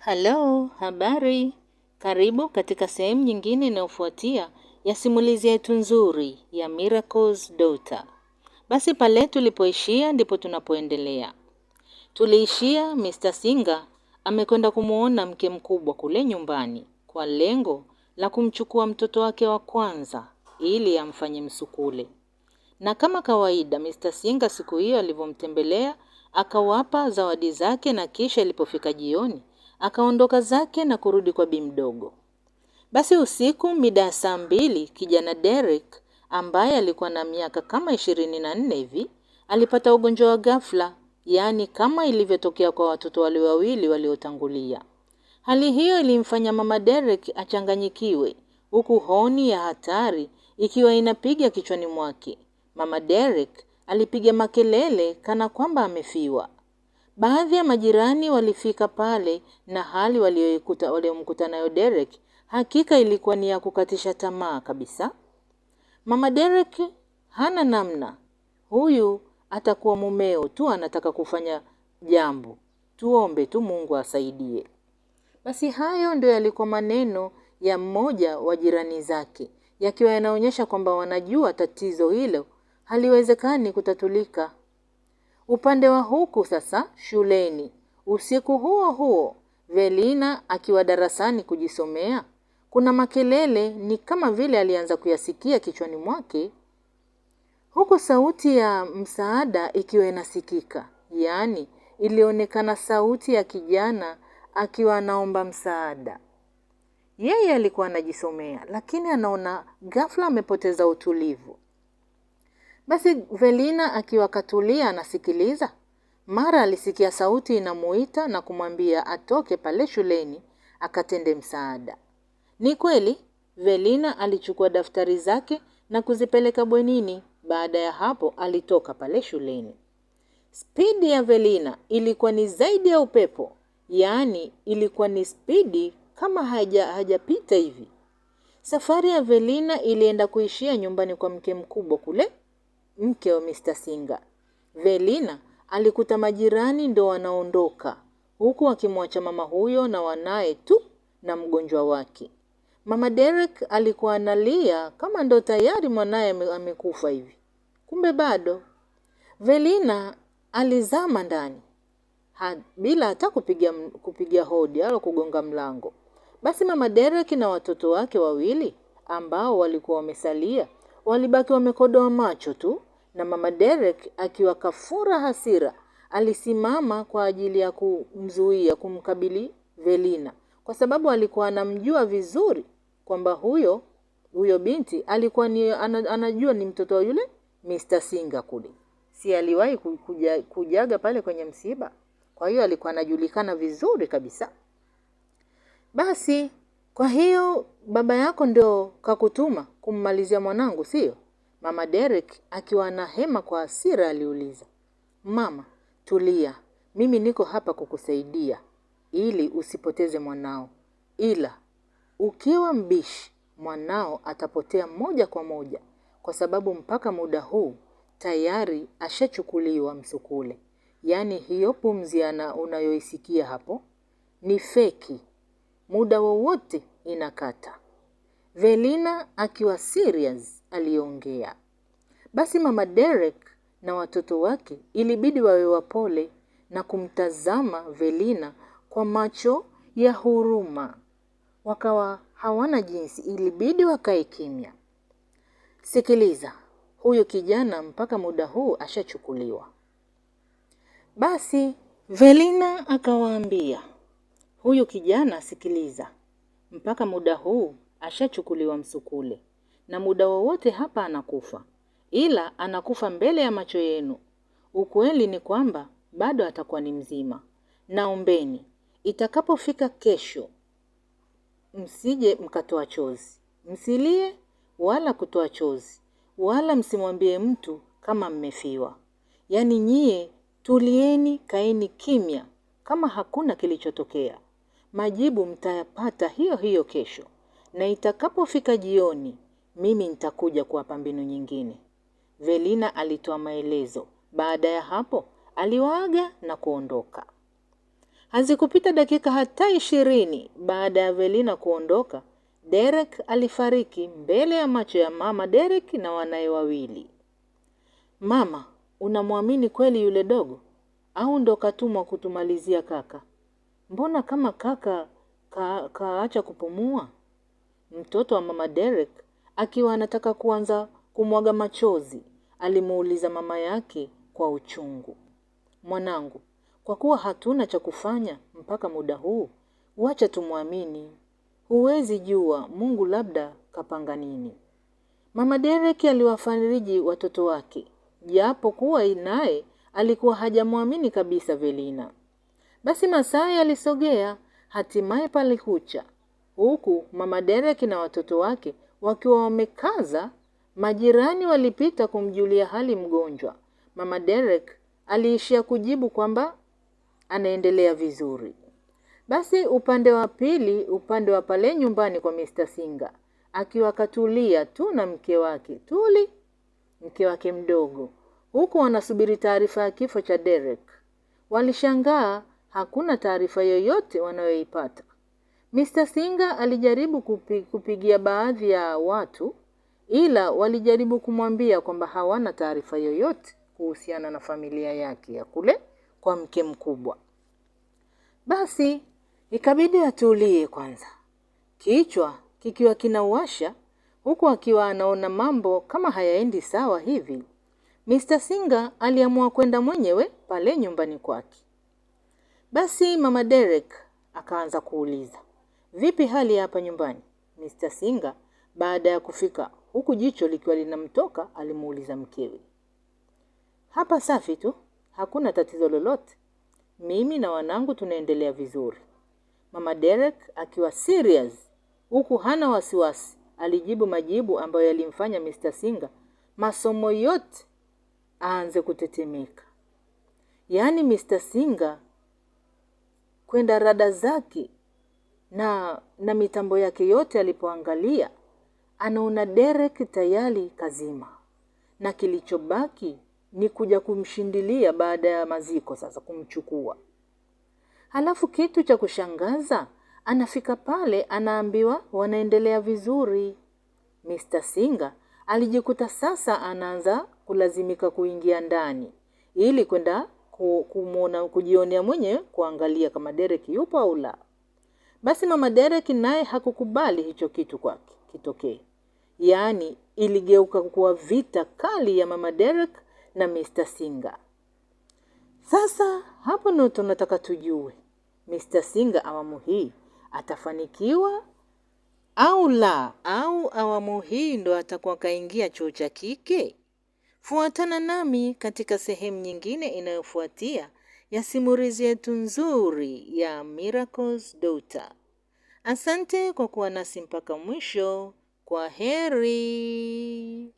Halo, habari. Karibu katika sehemu nyingine inayofuatia ya simulizi yetu nzuri ya Miracle's Daughter. Basi pale tulipoishia ndipo tunapoendelea. Tuliishia Mr. Singa amekwenda kumwona mke mkubwa kule nyumbani kwa lengo la kumchukua mtoto wake wa kwanza ili amfanye msukule. Na kama kawaida Mr. Singa siku hiyo alivyomtembelea akawapa zawadi zake na kisha ilipofika jioni akaondoka zake na kurudi kwa bi mdogo. Basi usiku mida ya saa mbili, kijana Derek ambaye alikuwa na miaka kama ishirini na nne hivi alipata ugonjwa wa ghafla, yaani kama ilivyotokea kwa watoto wale wawili waliotangulia. Hali hiyo ilimfanya mama Derek achanganyikiwe, huku honi ya hatari ikiwa inapiga kichwani mwake. Mama Derek alipiga makelele kana kwamba amefiwa. Baadhi ya majirani walifika pale na hali walioikuta waliomkuta nayo Derek hakika ilikuwa ni ya kukatisha tamaa kabisa. Mama Derek hana namna, huyu atakuwa mumeo tu anataka kufanya jambo, tuombe tu Mungu asaidie. Basi hayo ndio yalikuwa maneno ya mmoja wa jirani zake, yakiwa yanaonyesha kwamba wanajua tatizo hilo haliwezekani kutatulika Upande wa huku sasa shuleni, usiku huo huo, Velina akiwa darasani kujisomea, kuna makelele ni kama vile alianza kuyasikia kichwani mwake, huku sauti ya msaada ikiwa inasikika, yaani ilionekana sauti ya kijana akiwa anaomba msaada. Yeye alikuwa anajisomea, lakini anaona ghafla amepoteza utulivu. Basi Velina akiwa katulia anasikiliza, mara alisikia sauti inamuita na kumwambia atoke pale shuleni akatende msaada. Ni kweli Velina alichukua daftari zake na kuzipeleka bwenini. Baada ya hapo alitoka pale shuleni. Spidi ya Velina ilikuwa ni zaidi ya upepo, yaani ilikuwa ni spidi kama haja hajapita hivi. Safari ya Velina ilienda kuishia nyumbani kwa mke mkubwa kule mke wa Mr. Singa. Velina alikuta majirani ndo wanaondoka huku akimwacha mama huyo na wanaye tu na mgonjwa wake. Mama Derek alikuwa analia kama ndo tayari mwanaye amekufa hivi, kumbe bado. Velina alizama ndani ha, bila hata kupiga, kupiga hodi au kugonga mlango. Basi mama Derek na watoto wake wawili ambao walikuwa wamesalia walibaki wamekodoa macho tu na mama Derek akiwa kafura hasira alisimama kwa ajili ya kumzuia kumkabili Velina kwa sababu alikuwa anamjua vizuri kwamba huyo huyo binti alikuwa ni, anajua ni mtoto wa yule Mr. Singa kule, si aliwahi kuja, kujaga pale kwenye msiba. Kwa hiyo alikuwa anajulikana vizuri kabisa. Basi kwa hiyo baba yako ndio kakutuma kummalizia mwanangu, sio? Mama Derek akiwa na hema kwa hasira aliuliza, mama, tulia, mimi niko hapa kukusaidia ili usipoteze mwanao, ila ukiwa mbishi mwanao atapotea moja kwa moja, kwa sababu mpaka muda huu tayari ashachukuliwa msukule. Yaani hiyo pumzi ana unayoisikia hapo ni feki, muda wowote inakata. Velina akiwa serious aliongea. Basi mama Derek na watoto wake ilibidi wawe wapole na kumtazama Velina kwa macho ya huruma. Wakawa hawana jinsi, ilibidi wakae kimya. Sikiliza, huyo kijana mpaka muda huu ashachukuliwa. Basi Velina akawaambia, huyu kijana sikiliza, mpaka muda huu ashachukuliwa Msukule na muda wowote hapa anakufa, ila anakufa mbele ya macho yenu. Ukweli ni kwamba bado atakuwa ni mzima. Naombeni itakapofika kesho, msije mkatoa chozi, msilie wala kutoa chozi, wala msimwambie mtu kama mmefiwa. Yaani nyie tulieni, kaeni kimya kama hakuna kilichotokea. Majibu mtayapata hiyo hiyo kesho, na itakapofika jioni mimi nitakuja kuwapa mbinu nyingine. Velina alitoa maelezo. Baada ya hapo, aliwaaga na kuondoka. Hazikupita dakika hata ishirini baada ya Velina kuondoka, Derek alifariki mbele ya macho ya mama Derek na wanaye wawili. Mama, unamwamini kweli yule dogo au ndo katumwa kutumalizia kaka? Mbona kama kaka ka, kaacha kupumua? Mtoto wa mama Derek akiwa anataka kuanza kumwaga machozi, alimuuliza mama yake kwa uchungu, mwanangu, kwa kuwa hatuna cha kufanya mpaka muda huu, wacha tumwamini. Huwezi jua Mungu labda kapanga nini. Mama Derek aliwafariji watoto wake, japo kuwa naye alikuwa hajamwamini kabisa Velina. Basi Masai alisogea hatimaye palikucha, huku mama Derek na watoto wake wakiwa wamekaza. Majirani walipita kumjulia hali mgonjwa. Mama Derek aliishia kujibu kwamba anaendelea vizuri. Basi upande wa pili, upande wa pale nyumbani kwa Mr. Singa, akiwa katulia tu na mke wake Tuli, mke wake mdogo, huku wanasubiri taarifa ya kifo cha Derek. Walishangaa hakuna taarifa yoyote wanayoipata. Mr. Singa alijaribu kupi, kupigia baadhi ya watu ila walijaribu kumwambia kwamba hawana taarifa yoyote kuhusiana na familia yake ya kule kwa mke mkubwa. Basi ikabidi atulie kwanza, kichwa kikiwa kinauasha, huku akiwa anaona mambo kama hayaendi sawa hivi. Mr. Singa aliamua kwenda mwenyewe pale nyumbani kwake. Basi mama Derek akaanza kuuliza Vipi hali hapa nyumbani? Mr. Singa baada ya kufika huku jicho likiwa linamtoka alimuuliza mkewe. Hapa safi tu, hakuna tatizo lolote. Mimi na wanangu tunaendelea vizuri. Mama Derek akiwa serious huku hana wasiwasi, alijibu majibu ambayo yalimfanya Mr. Singa masomo yote aanze kutetemeka. Yaani Mr. Singa kwenda rada zake na, na mitambo yake yote alipoangalia, anaona Derek tayari kazima, na kilichobaki ni kuja kumshindilia baada ya maziko, sasa kumchukua. Halafu kitu cha kushangaza, anafika pale anaambiwa wanaendelea vizuri. Mr. Singer alijikuta sasa anaanza kulazimika kuingia ndani ili kwenda kumwona kujionea mwenyewe kuangalia kama Derek yupo au la. Basi mama Derek naye hakukubali hicho kitu kwake kitokee, yaani iligeuka kuwa vita kali ya mama Derek na Mr. Singa. Sasa hapo ndio tunataka tujue Mr. Singa awamu hii atafanikiwa au la, au awamu hii ndo atakuwa kaingia chuo cha kike. Fuatana nami katika sehemu nyingine inayofuatia ya simulizi yetu nzuri ya Miracles Daughter. Asante kwa kuwa nasi mpaka mwisho. Kwa heri.